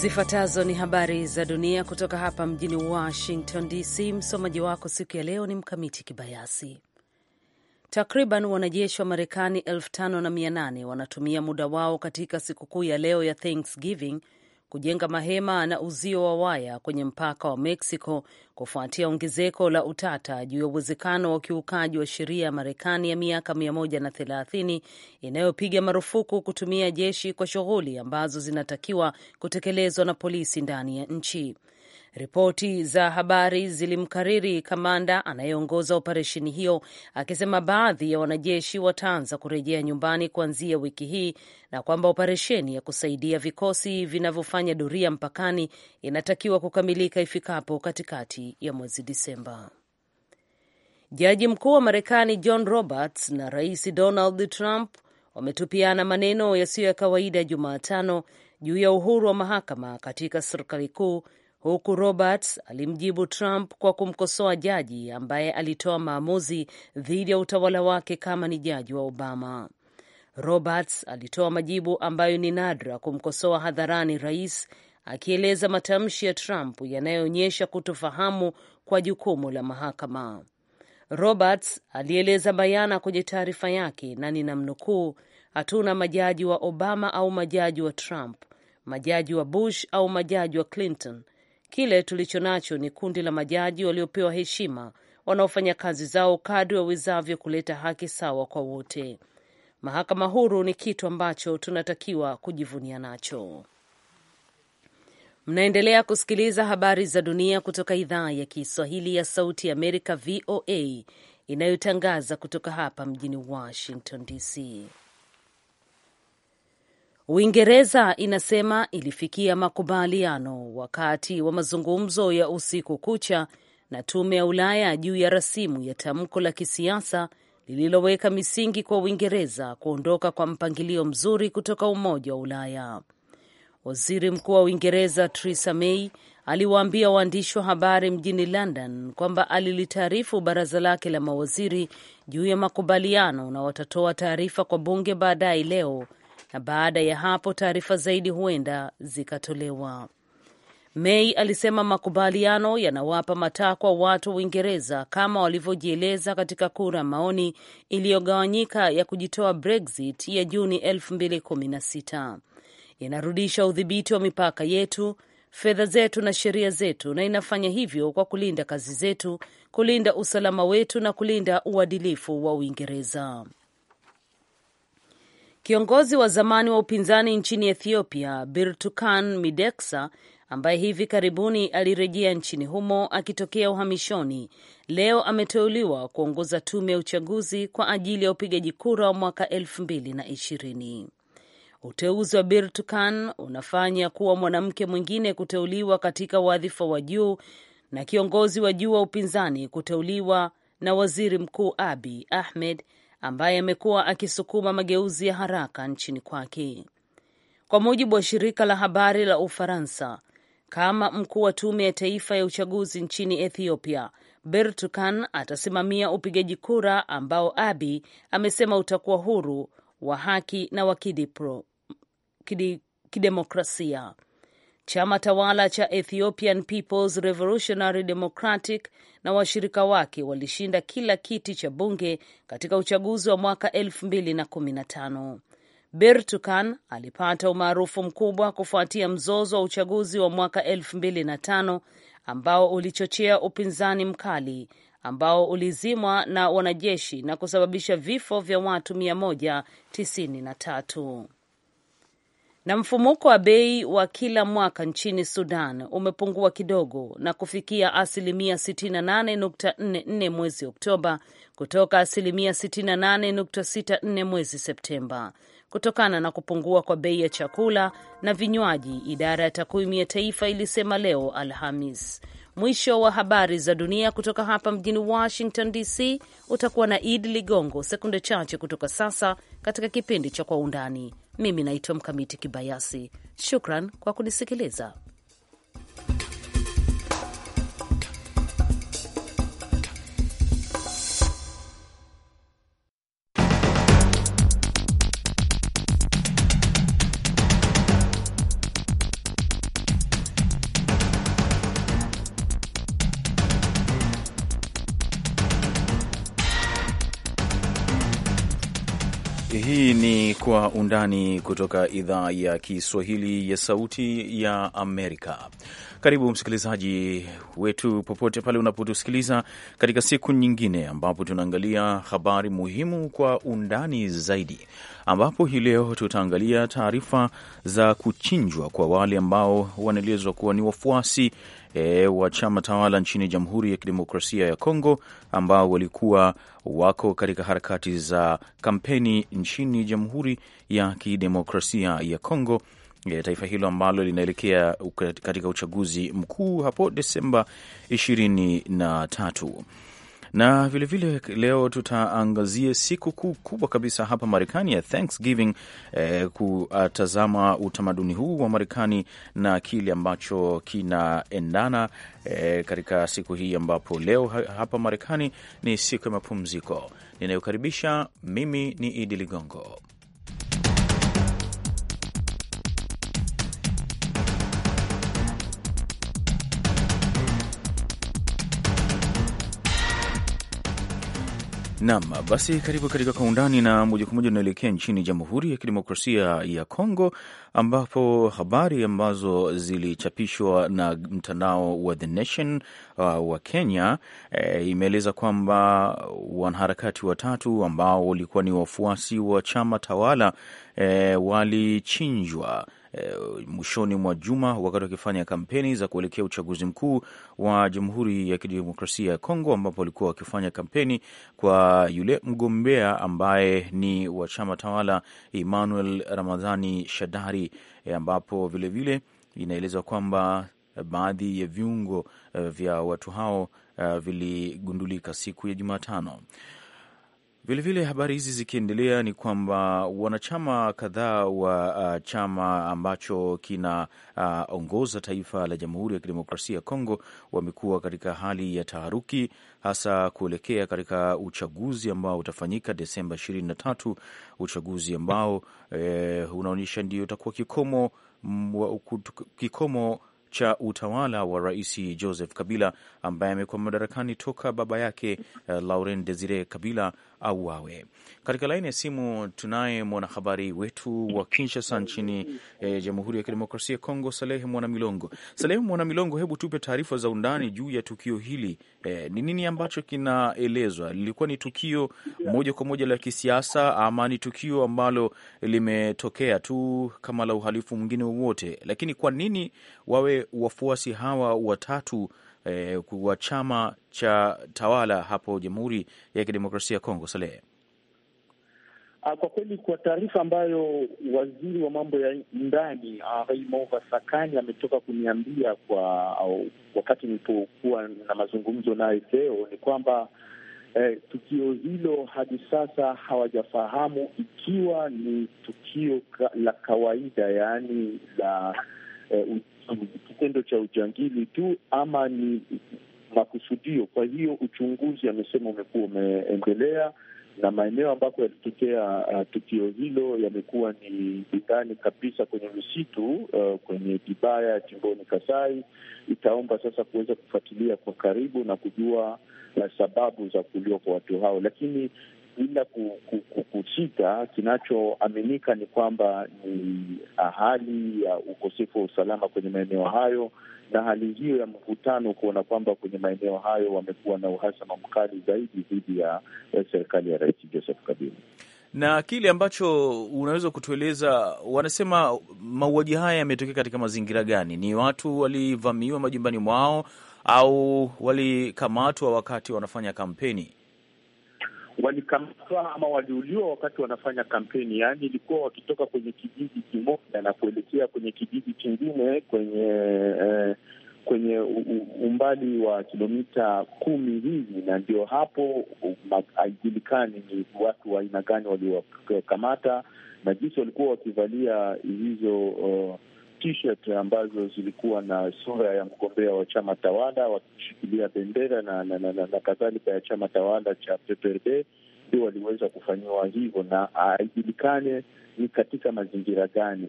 Zifuatazo ni habari za dunia kutoka hapa mjini Washington DC. Msomaji wako siku ya leo ni Mkamiti Kibayasi. Takriban wanajeshi wa Marekani elfu tano na mia nane wanatumia muda wao katika sikukuu ya leo ya Thanksgiving kujenga mahema na uzio wa waya kwenye mpaka wa Mexico kufuatia ongezeko la utata juu ya uwezekano wa ukiukaji wa sheria ya Marekani ya miaka 130 inayopiga marufuku kutumia jeshi kwa shughuli ambazo zinatakiwa kutekelezwa na polisi ndani ya nchi. Ripoti za habari zilimkariri kamanda anayeongoza operesheni hiyo akisema baadhi ya wanajeshi wataanza kurejea nyumbani kuanzia wiki hii na kwamba operesheni ya kusaidia vikosi vinavyofanya doria mpakani inatakiwa kukamilika ifikapo katikati ya mwezi Disemba. Jaji mkuu wa Marekani John Roberts na Rais Donald Trump wametupiana maneno yasiyo ya kawaida Jumatano juu ya uhuru wa mahakama katika serikali kuu huku Roberts alimjibu Trump kwa kumkosoa jaji ambaye alitoa maamuzi dhidi ya utawala wake kama ni jaji wa Obama. Roberts alitoa majibu ambayo ni nadra kumkosoa hadharani rais, akieleza matamshi ya Trump yanayoonyesha kutofahamu kwa jukumu la mahakama. Roberts alieleza bayana kwenye taarifa yake, na ni namnukuu hatuna majaji wa Obama au majaji wa Trump, majaji wa Bush au majaji wa Clinton Kile tulicho nacho ni kundi la majaji waliopewa heshima wanaofanya kazi zao kadri wawezavyo kuleta haki sawa kwa wote. Mahakama huru ni kitu ambacho tunatakiwa kujivunia nacho. Mnaendelea kusikiliza habari za dunia kutoka idhaa ya Kiswahili ya Sauti ya Amerika, VOA, inayotangaza kutoka hapa mjini Washington DC. Uingereza inasema ilifikia makubaliano wakati wa mazungumzo ya usiku kucha na tume ya Ulaya juu ya rasimu ya tamko la kisiasa lililoweka misingi kwa Uingereza kuondoka kwa mpangilio mzuri kutoka Umoja wa Ulaya. Waziri Mkuu wa Uingereza Theresa May aliwaambia waandishi wa habari mjini London kwamba alilitaarifu baraza lake la mawaziri juu ya makubaliano na watatoa taarifa kwa bunge baadaye leo na baada ya hapo taarifa zaidi huenda zikatolewa. May alisema makubaliano yanawapa matakwa watu wa Uingereza kama walivyojieleza katika kura maoni iliyogawanyika ya kujitoa Brexit ya Juni 2016. Inarudisha udhibiti wa mipaka yetu, fedha zetu na sheria zetu, na inafanya hivyo kwa kulinda kazi zetu, kulinda usalama wetu na kulinda uadilifu wa Uingereza. Kiongozi wa zamani wa upinzani nchini Ethiopia Birtukan Mideksa ambaye hivi karibuni alirejea nchini humo akitokea uhamishoni, leo ameteuliwa kuongoza tume ya uchaguzi kwa ajili ya upigaji kura wa mwaka elfu mbili na ishirini. Uteuzi wa Birtukan unafanya kuwa mwanamke mwingine kuteuliwa katika wadhifa wa juu na kiongozi wa juu wa upinzani kuteuliwa na waziri mkuu Abi Ahmed ambaye amekuwa akisukuma mageuzi ya haraka nchini kwake. Kwa mujibu wa shirika la habari la Ufaransa, kama mkuu wa tume ya taifa ya uchaguzi nchini Ethiopia, Bertukan atasimamia upigaji kura ambao Abi amesema utakuwa huru wa haki na wa kidemokrasia kidi, kidemokrasia. Chama tawala cha Ethiopian Peoples Revolutionary Democratic na washirika wake walishinda kila kiti cha bunge katika uchaguzi wa mwaka 2015. Bertukan alipata umaarufu mkubwa kufuatia mzozo wa uchaguzi wa mwaka 2005 ambao ulichochea upinzani mkali ambao ulizimwa na wanajeshi na kusababisha vifo vya watu 193. Na mfumuko wa bei wa kila mwaka nchini Sudan umepungua kidogo na kufikia asilimia 68.44 mwezi Oktoba kutoka asilimia 68.64 mwezi Septemba kutokana na kupungua kwa bei ya chakula na vinywaji, idara ya takwimu ya taifa ilisema leo Alhamis. Mwisho wa habari za dunia kutoka hapa mjini Washington DC. Utakuwa na Id Ligongo sekunde chache kutoka sasa katika kipindi cha Kwa Undani. Mimi naitwa Mkamiti Kibayasi. Shukran kwa kunisikiliza. Kwa Undani kutoka idhaa ya Kiswahili ya Sauti ya Amerika. Karibu msikilizaji wetu popote pale unapotusikiliza katika siku nyingine ambapo tunaangalia habari muhimu kwa undani zaidi, ambapo hii leo tutaangalia taarifa za kuchinjwa kwa wale ambao wanaelezwa kuwa ni wafuasi e, wa chama tawala nchini Jamhuri ya Kidemokrasia ya Kongo ambao walikuwa wako katika harakati za kampeni nchini Jamhuri ya Kidemokrasia ya Kongo e, taifa hilo ambalo linaelekea katika uchaguzi mkuu hapo Desemba 23 na vilevile vile leo tutaangazia siku kuu kubwa kabisa hapa Marekani ya Thanksgiving, eh, kutazama utamaduni huu wa Marekani na kile ambacho kinaendana eh, katika siku hii ambapo leo hapa Marekani ni siku ya mapumziko. Ninayokaribisha mimi ni Idi Ligongo. Nam, basi karibu katika Kwa Undani, na moja kwa moja unaelekea nchini Jamhuri ya Kidemokrasia ya Kongo, ambapo habari ambazo zilichapishwa na mtandao wa The Nation uh, wa Kenya e, imeeleza kwamba wanaharakati watatu ambao walikuwa ni wafuasi wa chama tawala e, walichinjwa Eh, mwishoni mwa juma wakati wakifanya kampeni za kuelekea uchaguzi mkuu wa Jamhuri ya Kidemokrasia ya Kongo, ambapo walikuwa wakifanya kampeni kwa yule mgombea ambaye ni wa chama tawala Emmanuel Ramadhani Shadari, e, ambapo vilevile inaelezwa kwamba baadhi ya viungo eh, vya watu hao viligundulika siku ya Jumatano. Vilevile habari hizi zikiendelea, ni kwamba wanachama kadhaa wa uh, chama ambacho kinaongoza uh, taifa la Jamhuri ya Kidemokrasia ya Kongo wamekuwa katika hali ya taharuki, hasa kuelekea katika uchaguzi ambao utafanyika Desemba 23, uchaguzi ambao eh, unaonyesha ndio utakuwa kikomo, kikomo cha utawala wa Rais Joseph Kabila ambaye amekuwa madarakani toka baba yake uh, Laurent Desire Kabila auawe. Katika laini ya simu tunaye mwanahabari wetu wa Kinshasa nchini eh, Jamhuri ya Kidemokrasia ya Kongo, Salehe Mwanamilongo. Salehe Mwanamilongo, hebu tupe taarifa za undani juu ya tukio hili. E, ni nini ambacho kinaelezwa? Lilikuwa ni tukio moja kwa moja la kisiasa ama ni tukio ambalo limetokea tu kama la uhalifu mwingine wowote? Lakini kwa nini wawe wafuasi hawa watatu eh, wa chama cha tawala hapo Jamhuri ya Kidemokrasia ya Kongo, Salehe? Ah, kwa kweli kwa taarifa ambayo waziri wa mambo ya ndani ah, Raymond Vasakani ametoka kuniambia kwa wakati nilipokuwa na mazungumzo naye leo, ni kwamba eh, tukio hilo hadi sasa hawajafahamu ikiwa ni tukio ka, la kawaida yaani la eh, kitendo cha ujangili tu ama ni makusudio. Kwa hiyo uchunguzi amesema umekuwa umeendelea na maeneo ambako yalitokea uh, tukio hilo yamekuwa ni ndani kabisa kwenye misitu uh, kwenye Dibaya jimboni Kasai. Itaomba sasa kuweza kufuatilia kwa karibu na kujua uh, sababu za kuuliwa kwa watu hao, lakini bila kusita, kinachoaminika ni kwamba ni ah, hali ya ukosefu wa usalama kwenye maeneo hayo, na hali hiyo ya mvutano, kuona kwamba kwenye maeneo hayo wamekuwa na uhasama mkali zaidi dhidi ya serikali ya Rais Joseph Kabila na kile ambacho unaweza kutueleza, wanasema mauaji haya yametokea katika mazingira gani? Ni watu walivamiwa majumbani mwao au walikamatwa wakati wanafanya kampeni? walikamatwa ama waliuliwa wakati wanafanya kampeni, yaani ilikuwa wakitoka kwenye kijiji kimoja na kuelekea kwenye kijiji kingine kwenye eh, kwenye umbali wa kilomita kumi hivi, na ndio hapo haijulikani ni watu wa aina gani waliwakamata na jinsi walikuwa wakivalia hizo uh, t-shirt ambazo zilikuwa na sura ya mgombea wa chama tawala wakishikilia bendera na, na, na, na, na kadhalika ya chama tawala cha PPRD ndio waliweza kufanyiwa hivyo, na ah, haijulikane ni katika mazingira gani,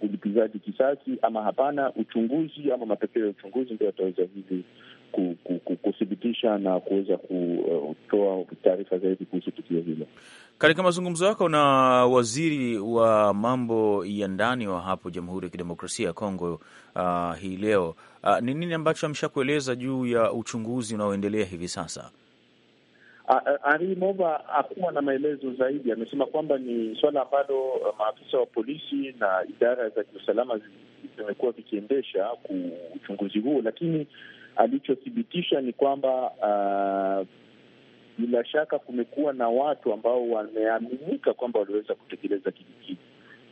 ulipizaji kisasi ama hapana. Uchunguzi ama matokeo ya uchunguzi ndio ataweza hivi kuthibitisha na kuweza kutoa taarifa zaidi kuhusu tukio hilo. Katika mazungumzo yako na waziri wa mambo ya ndani wa hapo Jamhuri ya Kidemokrasia ya Kongo uh, hii leo uh, ni uh, nini ambacho ameshakueleza juu ya uchunguzi unaoendelea hivi sasa? Uh, uh, mova hakuwa na maelezo zaidi. Amesema kwamba ni suala ambalo maafisa wa polisi na idara za kiusalama zimekuwa vikiendesha uchunguzi huo, lakini alichothibitisha ni kwamba uh, bila shaka kumekuwa na watu ambao wameaminika kwamba waliweza kutekeleza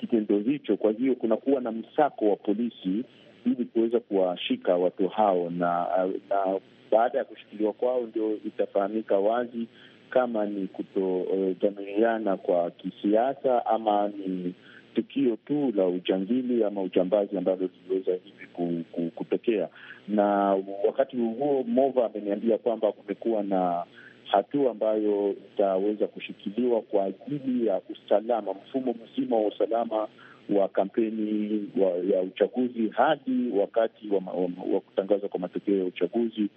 kitendo hicho. Kwa hiyo kunakuwa na msako wa polisi ili kuweza kuwashika watu hao, na, na baada ya kushikiliwa kwao ndio itafahamika wazi kama ni kutodhamiriana uh, kwa kisiasa ama ni tukio tu la ujangili ama ujambazi ambalo liliweza hivi kutokea. Na wakati huo Mova ameniambia kwamba kumekuwa na hatua ambayo itaweza kushikiliwa kwa ajili ya usalama, mfumo mzima wa usalama wa kampeni wa, ya uchaguzi hadi wakati wa, wa, wa kutangazwa kwa matokeo ya uchaguzi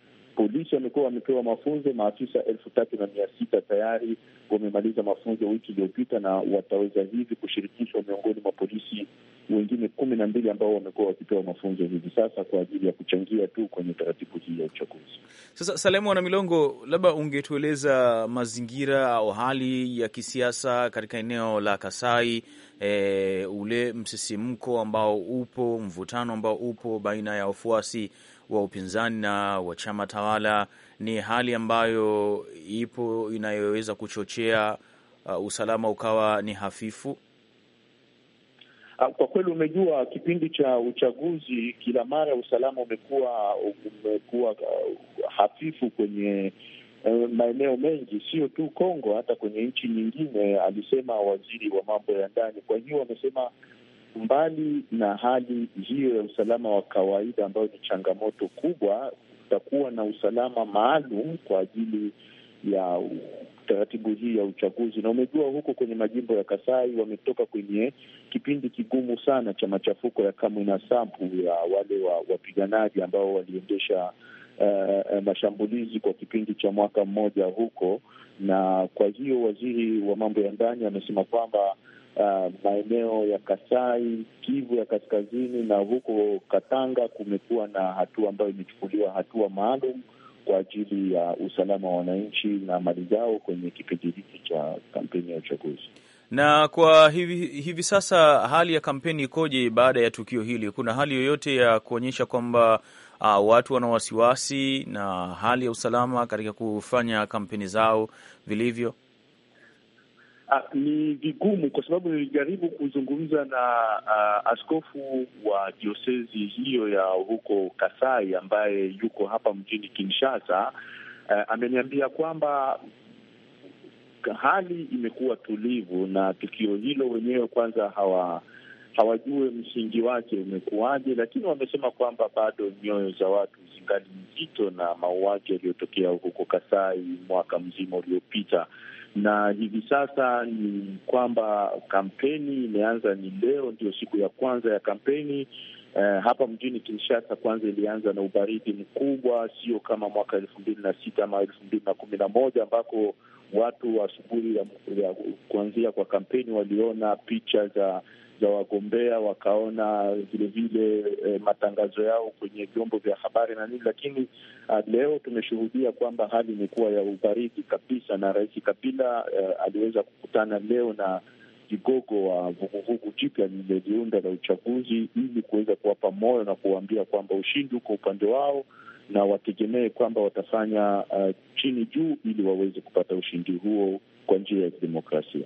Polisi wamekuwa wamepewa mafunzo, maafisa elfu tatu na mia sita tayari wamemaliza mafunzo wiki iliyopita, na wataweza hivi kushirikishwa miongoni mwa polisi wengine kumi na mbili ambao wamekuwa wakipewa mafunzo hivi sasa kwa ajili ya kuchangia tu kwenye taratibu hii ya uchaguzi. Sasa Salemu Wana Milongo, labda ungetueleza mazingira au hali ya kisiasa katika eneo la Kasai, e, ule msisimko ambao upo, mvutano ambao upo baina ya wafuasi wa upinzani na wa chama tawala ni hali ambayo ipo inayoweza kuchochea uh, usalama ukawa ni hafifu. Uh, kwa kweli, umejua kipindi cha uchaguzi, kila mara usalama umekuwa umekuwa uh, hafifu kwenye uh, maeneo mengi, sio tu Kongo, hata kwenye nchi nyingine, alisema waziri wa mambo ya ndani. Kwa hiyo wamesema mbali na hali hiyo ya usalama wa kawaida ambayo ni changamoto kubwa, kutakuwa na usalama maalum kwa ajili ya taratibu hii ya uchaguzi. Na umejua huko kwenye majimbo ya Kasai wametoka kwenye kipindi kigumu sana cha machafuko ya Kamwina Nsapu ya wale wa wapiganaji ambao waliendesha uh, mashambulizi kwa kipindi cha mwaka mmoja huko, na kwa hiyo waziri wa mambo ya ndani amesema kwamba uh, maeneo ya Kasai, Kivu ya kaskazini na huko Katanga kumekuwa na hatua ambayo imechukuliwa, hatua maalum kwa ajili ya usalama wa wananchi na mali zao kwenye kipindi hiki cha kampeni ya uchaguzi. Na kwa hivi, hivi sasa hali ya kampeni ikoje baada ya tukio hili? Kuna hali yoyote ya kuonyesha kwamba uh, watu wana wasiwasi na hali ya usalama katika kufanya kampeni zao vilivyo? Uh, ni vigumu kwa sababu nilijaribu kuzungumza na uh, askofu wa diosezi hiyo ya huko Kasai ambaye yuko hapa mjini Kinshasa. Uh, ameniambia kwamba hali imekuwa tulivu na tukio hilo wenyewe kwanza hawa hawajue msingi wake umekuwaje, lakini wamesema kwamba bado nyoyo za watu zingali nzito na mauaji yaliyotokea huko Kasai mwaka mzima uliopita na hivi sasa ni kwamba kampeni imeanza, ni leo ndio siku ya kwanza ya kampeni. Uh, hapa mjini Kinshasa kwanza ilianza na ubaridi mkubwa, sio kama mwaka elfu mbili na sita ama elfu mbili na kumi na moja ambako watu asubuhi wa ya, ya kuanzia kwa kampeni waliona picha za za wagombea wakaona vilevile e, eh, matangazo yao kwenye vyombo vya habari na nini, lakini a, ah, leo tumeshuhudia kwamba hali imekuwa ya ubaridi kabisa, na Rais Kabila e, aliweza kukutana leo na vigogo wa vuguvugu jipya lililojiunda la uchaguzi ili kuweza kuwapa moyo na kuwaambia kwamba ushindi uko upande wao na wategemee kwamba watafanya uh, chini juu ili waweze kupata ushindi huo kwa njia ya kidemokrasia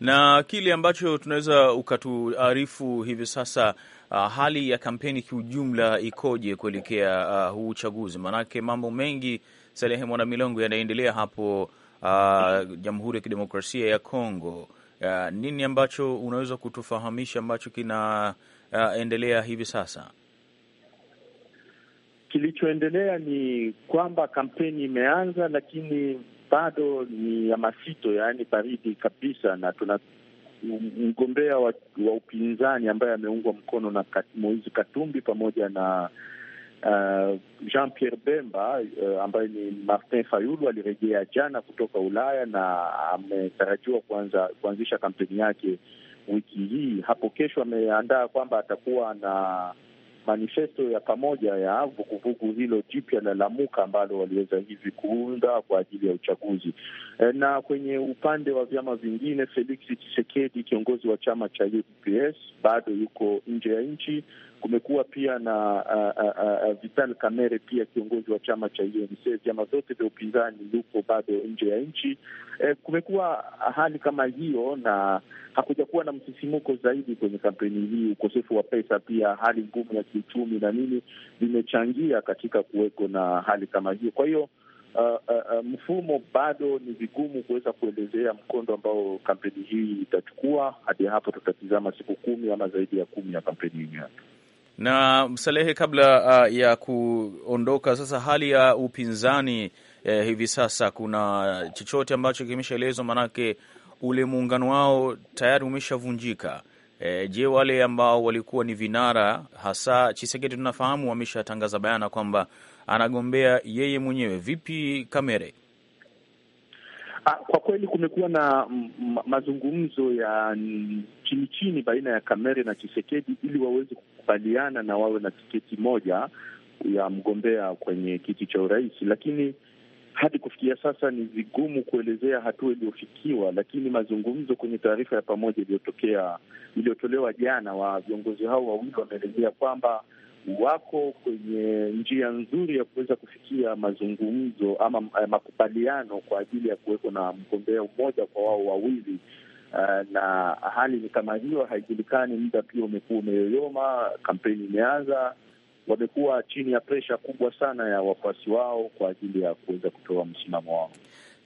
na kile ambacho tunaweza ukatuarifu hivi sasa. Uh, hali ya kampeni kiujumla ikoje kuelekea uh, huu uchaguzi? Maanake mambo mengi Salehe Mwana Milongo yanaendelea hapo uh, Jamhuri ya Kidemokrasia ya Kongo. Uh, nini ambacho unaweza kutufahamisha ambacho kinaendelea uh, hivi sasa? Kilichoendelea ni kwamba kampeni imeanza, lakini bado ni ya masito, yaani baridi kabisa, na tuna mgombea wa, wa upinzani ambaye ameungwa mkono na Moizi Katumbi pamoja na uh, Jean Pierre Bemba uh, ambaye ni Martin Fayulu alirejea jana kutoka Ulaya na ametarajiwa kuanza kuanzisha kampeni yake wiki hii. Hapo kesho ameandaa kwamba atakuwa na manifesto ya pamoja ya vuguvugu hilo jipya la Lamuka ambalo waliweza hivi kuunda kwa ajili ya uchaguzi. Eh, na kwenye upande wa vyama vingine, Felix chisekedi kiongozi wa chama cha UDPS, bado yuko nje ya nchi Kumekuwa pia na uh, uh, uh, Vital Kamerhe pia kiongozi wa chama cha UNC. Vyama vyote vya upinzani yupo bado nje ya nchi. Eh, kumekuwa hali kama hiyo, na hakuja kuwa na msisimuko zaidi kwenye kampeni hii. Ukosefu wa pesa pia, hali ngumu ya kiuchumi na nini vimechangia katika kuweko na hali kama hiyo. Kwa hiyo uh, uh, uh, mfumo bado ni vigumu kuweza kuelezea mkondo ambao kampeni hii itachukua. Hadi hapo tutatizama siku kumi ama zaidi ya kumi ya kampeni yenyewe. Na Msalehe, kabla uh, ya kuondoka sasa, hali ya upinzani eh, hivi sasa kuna chochote ambacho kimeshaelezwa? Maanake ule muungano wao tayari umeshavunjika. E, je, wale ambao walikuwa ni vinara hasa Chisekedi tunafahamu wameshatangaza bayana kwamba anagombea yeye mwenyewe. Vipi Kamere? Ah, kwa kweli kumekuwa na mazungumzo ya chini chini baina ya Kamere na Chisekedi ili waweze wamekubaliana na wawe na tiketi moja ya mgombea kwenye kiti cha urais, lakini hadi kufikia sasa ni vigumu kuelezea hatua iliyofikiwa. Lakini mazungumzo kwenye taarifa ya pamoja iliyotokea iliyotolewa jana, wa viongozi hao wawili wameelezea kwamba wako kwenye njia nzuri ya kuweza kufikia mazungumzo ama eh, makubaliano kwa ajili ya kuweko na mgombea mmoja kwa wao wawili Uh, na hali ni kama hiyo, haijulikani. Muda pia umekuwa umeyoyoma, kampeni imeanza, wamekuwa chini ya presha kubwa sana ya wafuasi wao kwa ajili ya kuweza kutoa msimamo wao.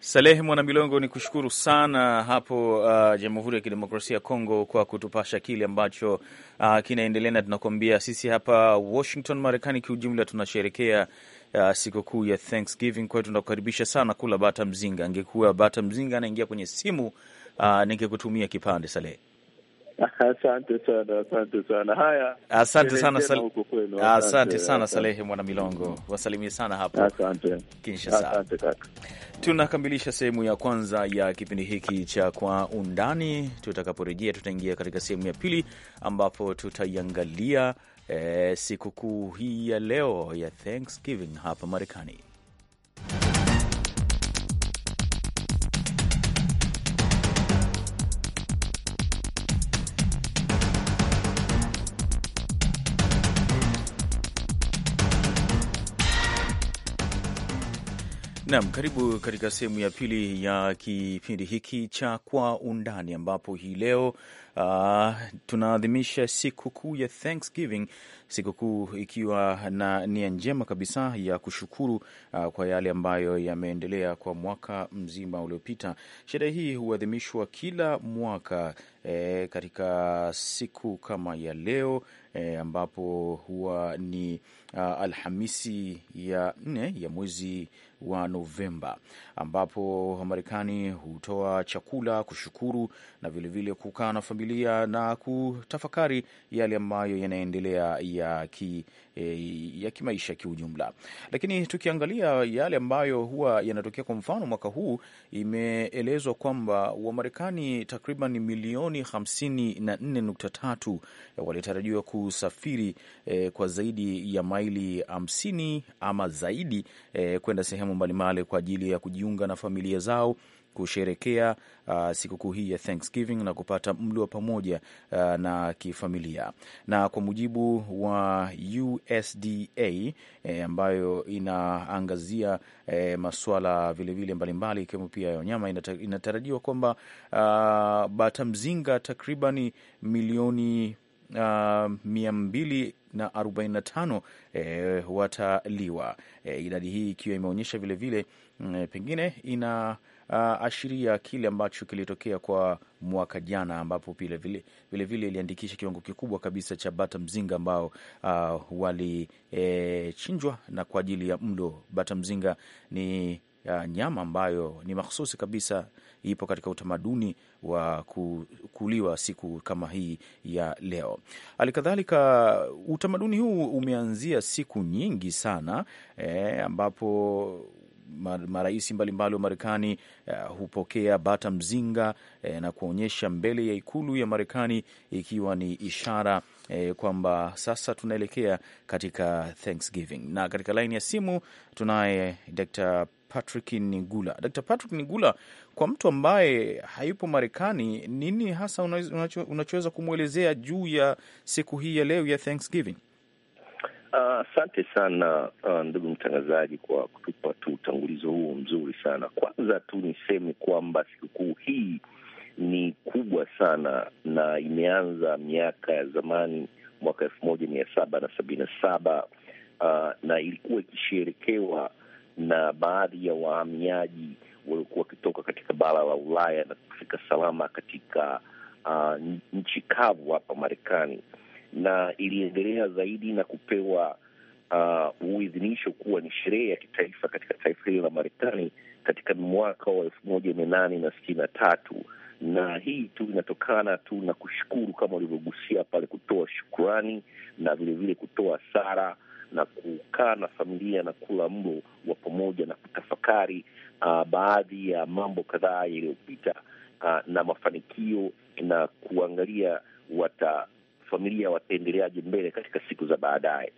Salehe Mwanamilongo, ni kushukuru sana hapo uh, Jamhuri ya Kidemokrasia ya Kongo kwa kutupasha kile ambacho uh, kinaendelea, na tunakuambia sisi hapa Washington Marekani kiujumla tunasherekea uh, sikukuu ya Thanksgiving. Kwa hiyo tunakukaribisha sana kula bata mzinga. Angekuwa bata mzinga anaingia kwenye simu uh, ningekutumia kipande Salehe. Asante sana, asante sana. Haya, asante sana Salehe Mwana Milongo, wasalimie sana hapo Kinshasa. Tunakamilisha sehemu ya kwanza ya kipindi hiki cha Kwa Undani. Tutakaporejea tutaingia katika sehemu ya pili ambapo tutaiangalia eh, sikukuu hii ya leo ya Thanksgiving hapa Marekani. Naam, karibu katika sehemu ya pili ya kipindi hiki cha Kwa Undani, ambapo hii leo uh, tunaadhimisha sikukuu ya Thanksgiving, sikukuu ikiwa na nia njema kabisa ya kushukuru uh, kwa yale ambayo yameendelea kwa mwaka mzima uliopita. Sherehe hii huadhimishwa kila mwaka eh, katika siku kama ya leo eh, ambapo huwa ni uh, Alhamisi ya nne ya mwezi wa Novemba, ambapo wamarekani hutoa chakula kushukuru na vilevile kukaa na familia na kutafakari yale ambayo yanaendelea ya ki e, ya kimaisha kiujumla. Lakini tukiangalia yale ambayo huwa yanatokea, kwa mfano mwaka huu imeelezwa kwamba Wamarekani takriban milioni 54.3 walitarajiwa kusafiri e, kwa zaidi ya maili 50 ama zaidi e, kwenda sehemu sehemu mbalimbali kwa ajili ya kujiunga na familia zao kusherekea uh, sikukuu hii ya Thanksgiving na kupata mlo wa pamoja uh, na kifamilia. Na kwa mujibu wa USDA eh, ambayo inaangazia eh, masuala vilevile mbalimbali ikiwemo pia ya wanyama, inatarajiwa kwamba uh, bata mzinga takribani milioni uh, mia mbili na 45 e, eh, wataliwa e, idadi hii ikiwa imeonyesha vilevile vile, mm, pengine ina Uh, ashiria kile ambacho kilitokea kwa mwaka jana ambapo vilevile vile iliandikisha kiwango kikubwa kabisa cha bata mzinga ambao uh, ah, walichinjwa, eh, e, na kwa ajili ya mlo. Bata mzinga ni uh, nyama ambayo ni makhususi kabisa ipo katika utamaduni wa kuliwa siku kama hii ya leo. Halikadhalika, utamaduni huu umeanzia siku nyingi sana eh, ambapo marais mbalimbali wa Marekani uh, hupokea bata mzinga eh, na kuonyesha mbele ya ikulu ya Marekani ikiwa ni ishara eh, kwamba sasa tunaelekea katika Thanksgiving. Na katika laini ya simu tunaye Dr. Patrick Nigula. Dr. Patrick Nigula, kwa mtu ambaye hayupo Marekani, nini hasa unachoweza kumwelezea juu ya siku hii ya leo ya Thanksgiving? Asante uh, sana uh, ndugu mtangazaji kwa kutupa tu utangulizo huo mzuri sana. Kwanza tu niseme kwamba sikukuu hii ni kubwa sana na imeanza miaka ya zamani, mwaka elfu moja mia saba na sabini na saba uh, na ilikuwa ikisherekewa na baadhi ya wahamiaji waliokuwa wakitoka katika bara la Ulaya na kufika salama katika uh, nchi kavu hapa Marekani, na iliendelea zaidi na kupewa uh, uidhinisho kuwa ni sherehe ya kitaifa katika taifa hili la Marekani katika mwaka wa elfu moja mia nane na sitini na tatu na hii tu inatokana tu na kushukuru kama walivyogusia pale, kutoa shukurani na vilevile kutoa sara na kukaa na familia na kula mlo wa pamoja na kutafakari uh, baadhi ya mambo kadhaa yaliyopita uh, na mafanikio na kuangalia wata familia wataendeleaje mbele katika siku za baadaye.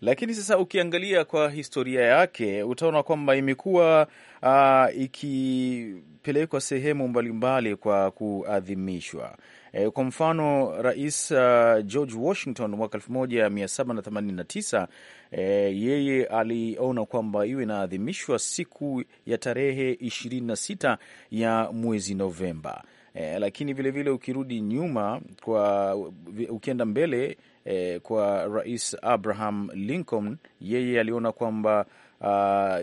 Lakini sasa ukiangalia kwa historia yake utaona kwamba imekuwa uh, ikipelekwa sehemu mbalimbali kwa kuadhimishwa. E, kwa mfano Rais uh, George Washington mwaka 1789 e, yeye aliona kwamba iwe inaadhimishwa siku ya tarehe 26 ya mwezi Novemba. E, lakini vilevile ukirudi nyuma kwa ukienda mbele eh, kwa Rais Abraham Lincoln, yeye aliona kwamba uh,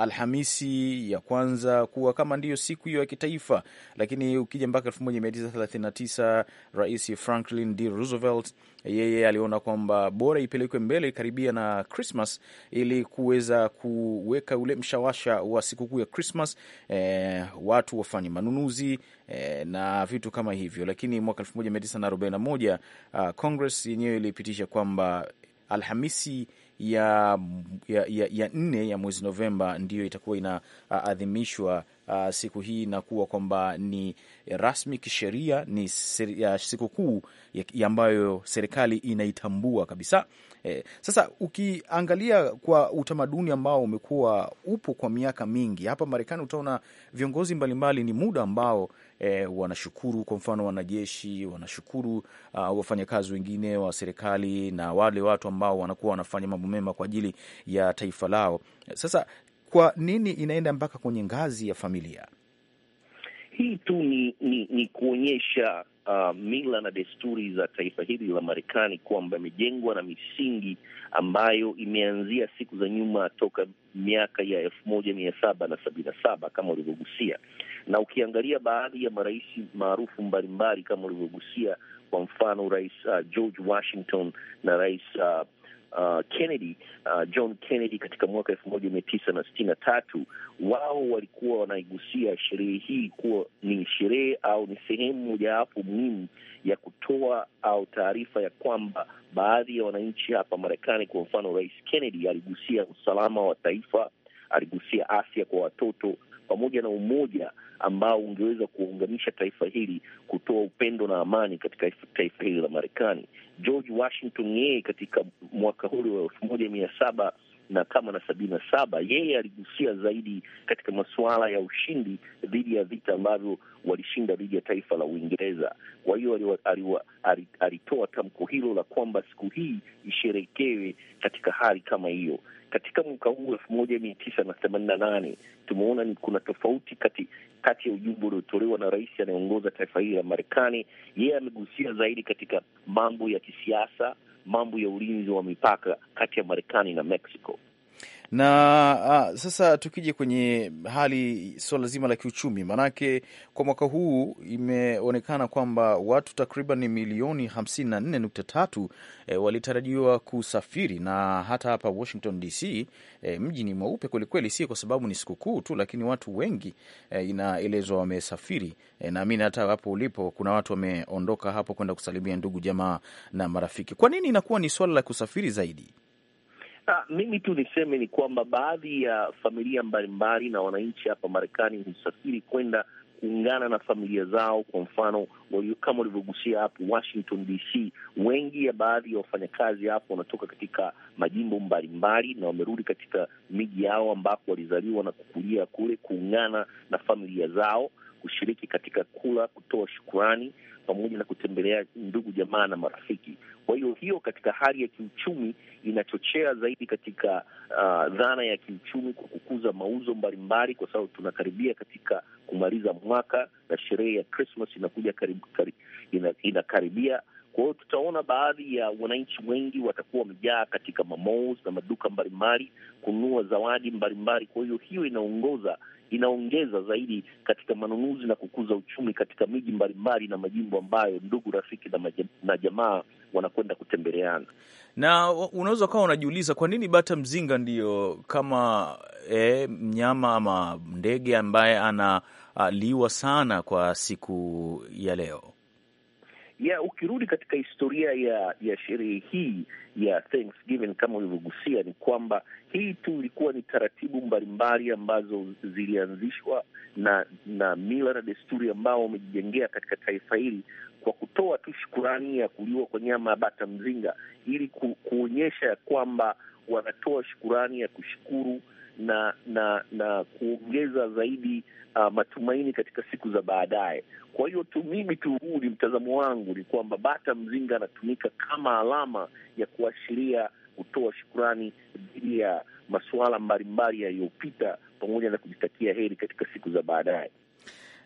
Alhamisi ya kwanza kuwa kama ndiyo siku hiyo ya kitaifa, lakini ukija mpaka 1939 Rais Franklin D Roosevelt yeye aliona kwamba bora ipelekwe mbele karibia na Christmas ili kuweza kuweka ule mshawasha wa sikukuu ya Christmas, eh, watu wafanye manunuzi eh, na vitu kama hivyo, lakini mwaka 1941 uh, Congress yenyewe ilipitisha kwamba Alhamisi ya, ya, ya, ya nne ya mwezi Novemba ndiyo itakuwa inaadhimishwa uh, siku hii na kuwa kwamba ni rasmi kisheria, ni sikukuu ambayo serikali inaitambua kabisa. Eh, sasa ukiangalia kwa utamaduni ambao umekuwa upo kwa miaka mingi hapa Marekani, utaona viongozi mbalimbali, ni muda ambao e, wanashukuru kwa mfano wanajeshi wanashukuru, uh, wafanyakazi wengine wa serikali na wale watu ambao wanakuwa wanafanya mambo mema kwa ajili ya taifa lao. Sasa kwa nini inaenda mpaka kwenye ngazi ya familia? Hii tu ni, ni, ni kuonyesha uh, mila na desturi za taifa hili la Marekani kwamba imejengwa na misingi ambayo imeanzia siku za nyuma toka miaka ya elfu moja mia saba na sabini na saba kama ulivyogusia na ukiangalia baadhi ya marais maarufu mbalimbali kama ulivyogusia, kwa mfano Rais uh, George Washington na Rais uh, Uh, Kennedy uh, John Kennedy katika mwaka elfu moja mia tisa na sitini na tatu wao walikuwa wanaigusia sherehe hii kuwa ni sherehe au ni sehemu mojawapo muhimu ya kutoa au taarifa ya kwamba baadhi ya wananchi hapa Marekani, kwa mfano Rais Kennedy aligusia usalama wa taifa, aligusia afya kwa watoto pamoja na umoja ambao ungeweza kuunganisha taifa hili kutoa upendo na amani katika taifa hili la Marekani. George Washington yeye katika mwaka hule wa elfu moja mia saba na kama na sabini na saba yeye aligusia zaidi katika masuala ya ushindi dhidi ya vita ambavyo walishinda dhidi ya taifa la Uingereza. Kwa hiyo alitoa tamko hilo la kwamba siku hii isherekewe katika hali kama hiyo. Katika mwaka huu elfu moja mia tisa na themanini na nane tumeona ni kuna tofauti kati kati ya ujumbe uliotolewa na rais anayeongoza taifa hili la Marekani. Yeye amegusia zaidi katika mambo ya kisiasa mambo ya ulinzi wa mipaka kati ya Marekani na Mexico na a, sasa tukije kwenye hali swala zima la kiuchumi, maanake kwa mwaka huu imeonekana kwamba watu takriban milioni 54.3 e, walitarajiwa kusafiri, na hata hapa Washington DC e, mji ni mweupe kwelikweli, si kwa sababu ni sikukuu tu, lakini watu wengi e, inaelezwa wamesafiri e, naamini hata hapo ulipo kuna watu wameondoka hapo kwenda kusalimia ndugu jamaa na marafiki. Kwa nini inakuwa ni swala la kusafiri zaidi? Ha, mimi tu niseme ni kwamba baadhi ya familia mbalimbali na wananchi hapa Marekani husafiri kwenda kuungana na familia zao. Kwa mfano kama walivyogusia hapo Washington DC, wengi ya baadhi ya wafanyakazi hapo wanatoka katika majimbo mbalimbali na wamerudi katika miji yao ambako walizaliwa na kukulia kule, kuungana na familia zao kushiriki katika kula, kutoa shukurani pamoja na kutembelea ndugu jamaa na marafiki. Kwa hiyo hiyo, katika hali ya kiuchumi inachochea zaidi katika uh, dhana ya kiuchumi kwa kukuza mauzo mbalimbali, kwa sababu tunakaribia katika kumaliza mwaka na sherehe ya Christmas inakuja karibu, ina, inakaribia. Kwa hiyo tutaona baadhi ya wananchi wengi watakuwa wamejaa katika mamos na maduka mbalimbali kununua zawadi mbalimbali. Kwa hiyo hiyo inaongoza inaongeza zaidi katika manunuzi na kukuza uchumi katika miji mbalimbali na majimbo ambayo ndugu, rafiki na, na jamaa wanakwenda kutembeleana. Na unaweza ukawa unajiuliza kwa nini bata mzinga ndiyo kama e, mnyama ama ndege ambaye analiwa sana kwa siku ya leo ya ukirudi katika historia ya ya sherehe hii ya Thanksgiving kama ulivyogusia, ni kwamba hii tu ilikuwa ni taratibu mbalimbali ambazo zilianzishwa na na mila na desturi ambao wamejijengea katika taifa hili kwa kutoa tu shukurani ya kuliwa kwa nyama ya bata mzinga, ili ku, kuonyesha ya kwamba wanatoa shukurani ya kushukuru na na na kuongeza zaidi uh, matumaini katika siku za baadaye. Kwa hiyo tu mimi tu, huu ni mtazamo wangu, ni kwamba bata mzinga anatumika kama alama ya kuashiria kutoa shukurani dhidi ya masuala mbalimbali yaliyopita pamoja na kujitakia heri katika siku za baadaye.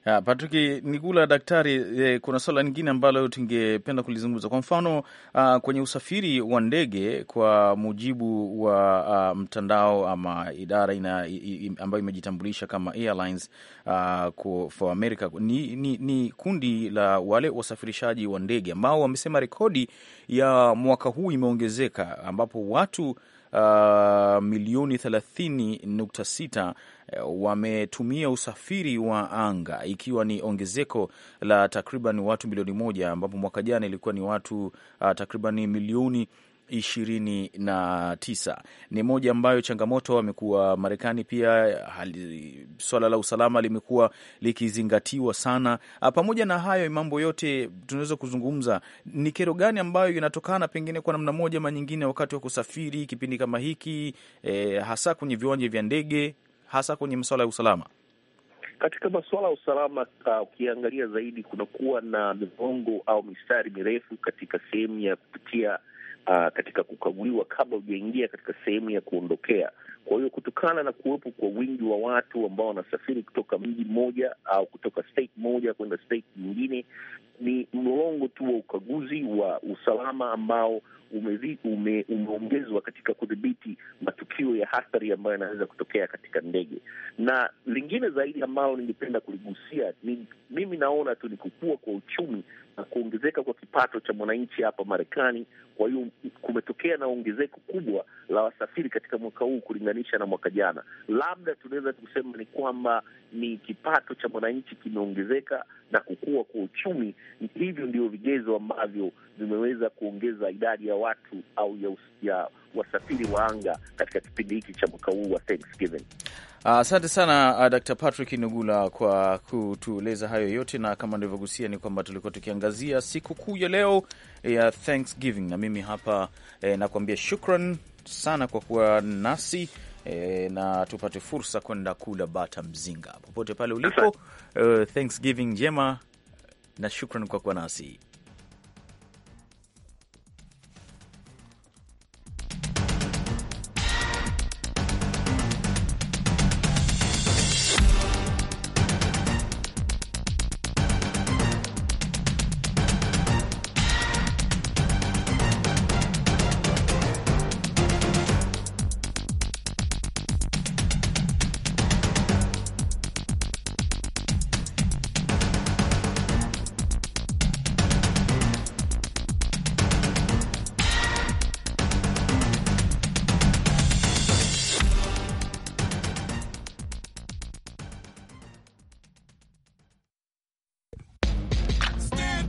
Patrick Nigula, daktari, eh, kuna swala lingine ambalo tungependa kulizungumza, kwa mfano uh, kwenye usafiri wa ndege, kwa mujibu wa uh, mtandao ama idara ina, i, ambayo imejitambulisha kama Airlines uh, for America ni, ni, ni kundi la wale wasafirishaji wa ndege ambao wamesema rekodi ya mwaka huu imeongezeka ambapo watu uh, milioni 30.6 wametumia usafiri wa anga, ikiwa ni ongezeko la takriban watu milioni moja ambapo mwaka jana ilikuwa ni watu uh, takriban milioni ishirini na tisa. Ni moja ambayo changamoto amekuwa Marekani. Pia swala la usalama limekuwa likizingatiwa sana. Uh, pamoja na hayo mambo yote, tunaweza kuzungumza ni kero gani ambayo inatokana pengine kwa namna moja ama nyingine wakati wa kusafiri kipindi kama hiki, eh, hasa kwenye viwanja vya ndege hasa kwenye masuala ya usalama? Katika masuala ya usalama uh, ukiangalia zaidi kunakuwa na migongo au mistari mirefu katika sehemu ya kupitia uh, katika kukaguliwa kabla hujaingia katika sehemu ya kuondokea. Kwa hiyo kutokana na kuwepo kwa wingi wa watu ambao wanasafiri kutoka mji mmoja au kutoka state moja kwenda state nyingine, ni mlolongo tu wa ukaguzi wa usalama ambao umeongezwa ume, katika kudhibiti matukio ya hatari ambayo yanaweza kutokea katika ndege. Na lingine zaidi ambalo ningependa kuligusia ni mimi naona tu ni kukua kwa uchumi na kuongezeka kwa kipato cha mwananchi hapa Marekani. Kwa hiyo kumetokea na ongezeko kubwa la wasafiri katika mwaka huu kulinganisha na mwaka jana. Labda tunaweza kusema ni kwamba ni kipato cha mwananchi kimeongezeka na kukua kwa uchumi, hivyo ndio vigezo ambavyo vimeweza kuongeza idadi ya watu au ya, ya wasafiri wa anga katika kipindi hiki cha mwaka huu wa Thanksgiving. Asante uh, sana uh, Dr. Patrick Nugula kwa kutueleza hayo yote, na kama nilivyogusia ni kwamba tulikuwa tukiangazia siku kuu ya leo ya Thanksgiving, na mimi hapa eh, nakuambia shukran sana kwa kuwa nasi eh, na tupate fursa kwenda kula bata mzinga popote pale ulipo. Uh, Thanksgiving njema na shukran kwa kuwa nasi.